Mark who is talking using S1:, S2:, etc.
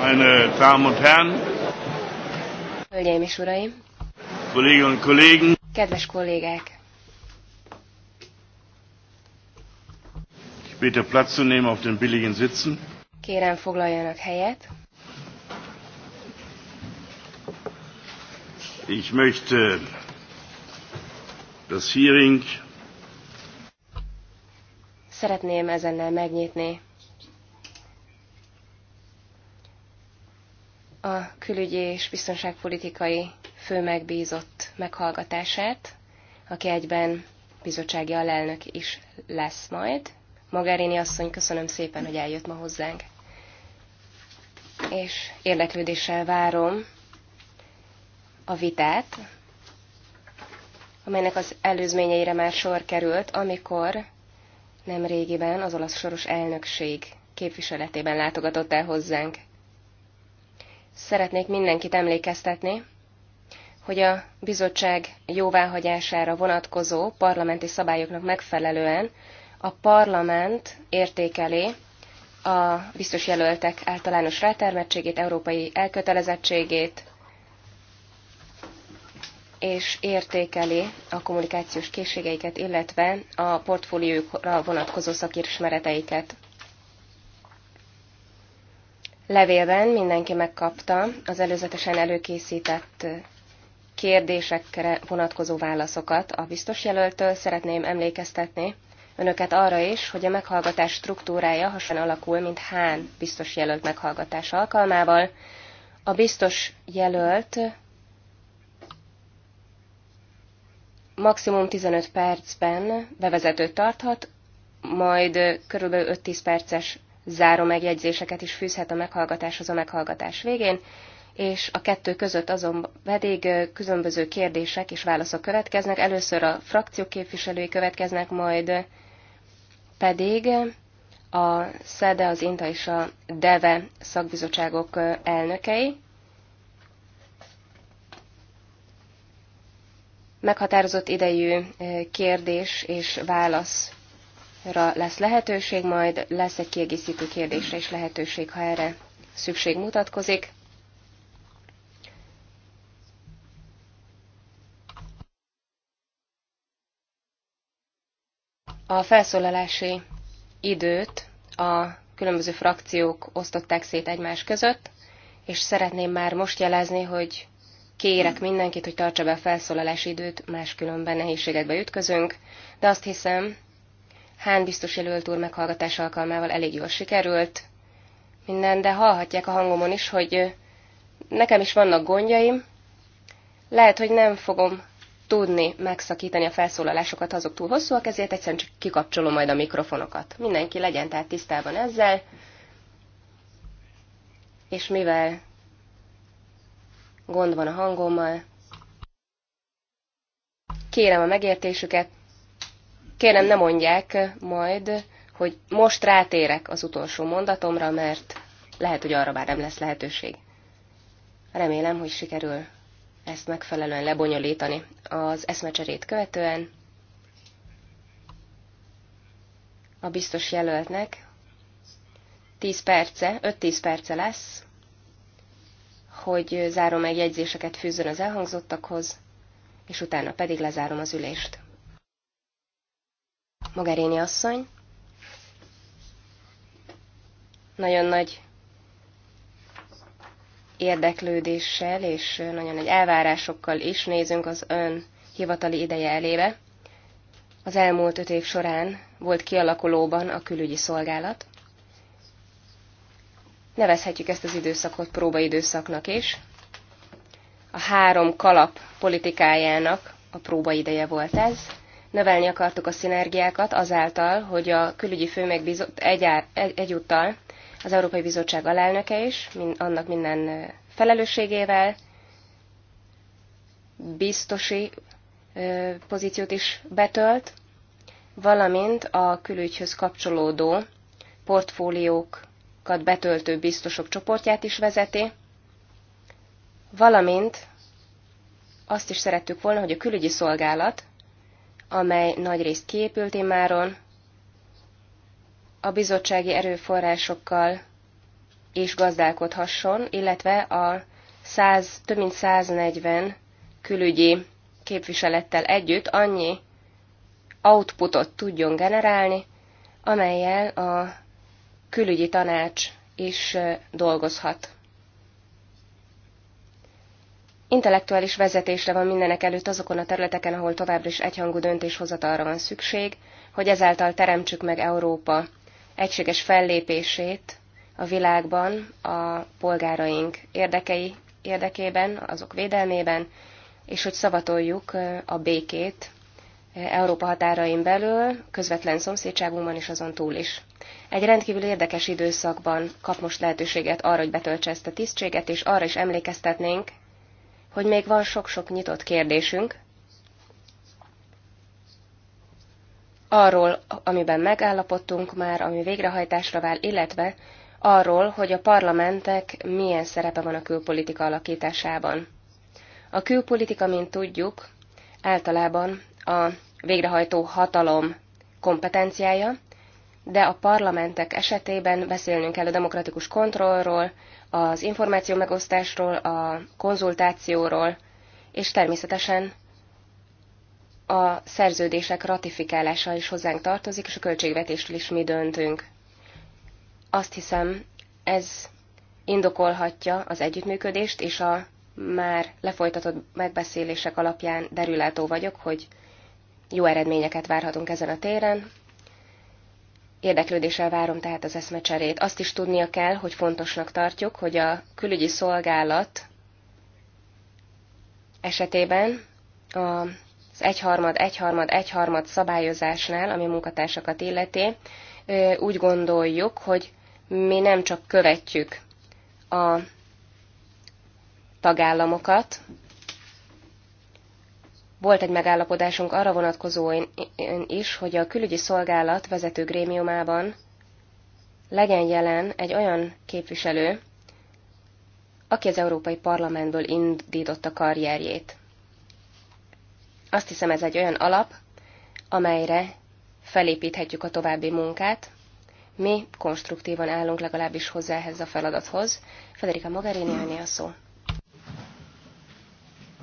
S1: Meine Damen und Herren, Hölgyeim és Uraim, Kolleginnen und Kollegen, kedves kollégák, ich bitte Platz zu nehmen auf den billigen Sitzen. Kérem foglaljanak helyet. Ich möchte das Hearing Szeretném ezennel megnyitni a külügyi és biztonságpolitikai főmegbízott meghallgatását, aki egyben bizottsági alelnök is lesz majd. Magárini asszony, köszönöm szépen, hogy eljött ma hozzánk. És érdeklődéssel várom a vitát, amelynek az előzményeire már sor került, amikor nem régiben az olasz soros elnökség képviseletében látogatott el hozzánk. Szeretnék mindenkit emlékeztetni, hogy a bizottság jóváhagyására vonatkozó parlamenti szabályoknak megfelelően a parlament értékeli a biztos jelöltek általános rátermettségét, európai elkötelezettségét, és értékeli a kommunikációs készségeiket, illetve a portfóliójukra vonatkozó szakismereteiket. Levélben mindenki megkapta az előzetesen előkészített kérdésekre vonatkozó válaszokat a biztos jelöltől. Szeretném emlékeztetni önöket arra is, hogy a meghallgatás struktúrája hasonlóan alakul, mint Hán biztos jelölt meghallgatás alkalmával. A biztos jelölt maximum 15 percben bevezetőt tarthat, majd kb. 5-10 perces záró megjegyzéseket is fűzhet a meghallgatáshoz a meghallgatás végén, és a kettő között azon pedig különböző kérdések és válaszok következnek. Először a frakciók képviselői következnek, majd pedig a SZEDE, az INTA és a DEVE szakbizottságok elnökei, meghatározott idejű kérdés és válaszra lesz lehetőség, majd lesz egy kiegészítő kérdésre is lehetőség, ha erre szükség mutatkozik. A felszólalási időt a különböző frakciók osztották szét egymás között, és szeretném már most jelezni, hogy Kérek mindenkit, hogy tartsa be a felszólalási időt, máskülönben nehézségekbe ütközünk, de azt hiszem, Hán biztos jelölt úr meghallgatás alkalmával elég jól sikerült minden, de hallhatják a hangomon is, hogy nekem is vannak gondjaim. Lehet, hogy nem fogom tudni megszakítani a felszólalásokat, azok túl hosszúak, ezért egyszerűen csak kikapcsolom majd a mikrofonokat. Mindenki legyen tehát tisztában ezzel, és mivel gond van a hangommal. Kérem a megértésüket. Kérem, ne mondják majd, hogy most rátérek az utolsó mondatomra, mert lehet, hogy arra már nem lesz lehetőség. Remélem, hogy sikerül ezt megfelelően lebonyolítani. Az eszmecserét követően a biztos jelöltnek 10 perce, 5-10 perce lesz hogy záró megjegyzéseket fűzön az elhangzottakhoz, és utána pedig lezárom az ülést. Mogherini asszony, nagyon nagy érdeklődéssel és nagyon nagy elvárásokkal is nézünk az ön hivatali ideje elébe. Az elmúlt öt év során volt kialakulóban a külügyi szolgálat, Nevezhetjük ezt az időszakot próbaidőszaknak is. A három kalap politikájának a próbaideje volt ez. Növelni akartuk a szinergiákat azáltal, hogy a külügyi főmegbizott egyár, egy, egyúttal az Európai Bizottság alelnöke is, annak minden felelősségével, biztosi pozíciót is betölt, valamint a külügyhöz kapcsolódó portfóliók betöltő biztosok csoportját is vezeti, valamint azt is szerettük volna, hogy a külügyi szolgálat, amely nagyrészt kiépült imáron, a bizottsági erőforrásokkal és gazdálkodhasson, illetve a 100, több mint 140 külügyi képviselettel együtt annyi outputot tudjon generálni, amelyel a külügyi tanács is dolgozhat. Intellektuális vezetésre van mindenek előtt azokon a területeken, ahol továbbra is egyhangú döntéshozatalra van szükség, hogy ezáltal teremtsük meg Európa egységes fellépését a világban a polgáraink érdekei érdekében, azok védelmében, és hogy szavatoljuk a békét Európa határain belül, közvetlen szomszédságunkban és azon túl is egy rendkívül érdekes időszakban kap most lehetőséget arra, hogy betöltse ezt a tisztséget, és arra is emlékeztetnénk, hogy még van sok-sok nyitott kérdésünk, arról, amiben megállapodtunk már, ami végrehajtásra vál, illetve arról, hogy a parlamentek milyen szerepe van a külpolitika alakításában. A külpolitika, mint tudjuk, általában a végrehajtó hatalom kompetenciája, de a parlamentek esetében beszélnünk kell a demokratikus kontrollról, az információ megosztásról, a konzultációról, és természetesen a szerződések ratifikálása is hozzánk tartozik, és a költségvetésről is mi döntünk. Azt hiszem, ez indokolhatja az együttműködést, és a már lefolytatott megbeszélések alapján derülátó vagyok, hogy jó eredményeket várhatunk ezen a téren, Érdeklődéssel várom tehát az eszmecserét. Azt is tudnia kell, hogy fontosnak tartjuk, hogy a külügyi szolgálat esetében az egyharmad, egyharmad, egyharmad szabályozásnál, ami a munkatársakat illeti, úgy gondoljuk, hogy mi nem csak követjük a tagállamokat, volt egy megállapodásunk arra vonatkozóan is, hogy a külügyi szolgálat vezető grémiumában legyen jelen egy olyan képviselő, aki az Európai Parlamentből indította karrierjét. Azt hiszem ez egy olyan alap, amelyre felépíthetjük a további munkát. Mi konstruktívan állunk legalábbis hozzá ehhez a feladathoz. Federica Mogherini, a szó.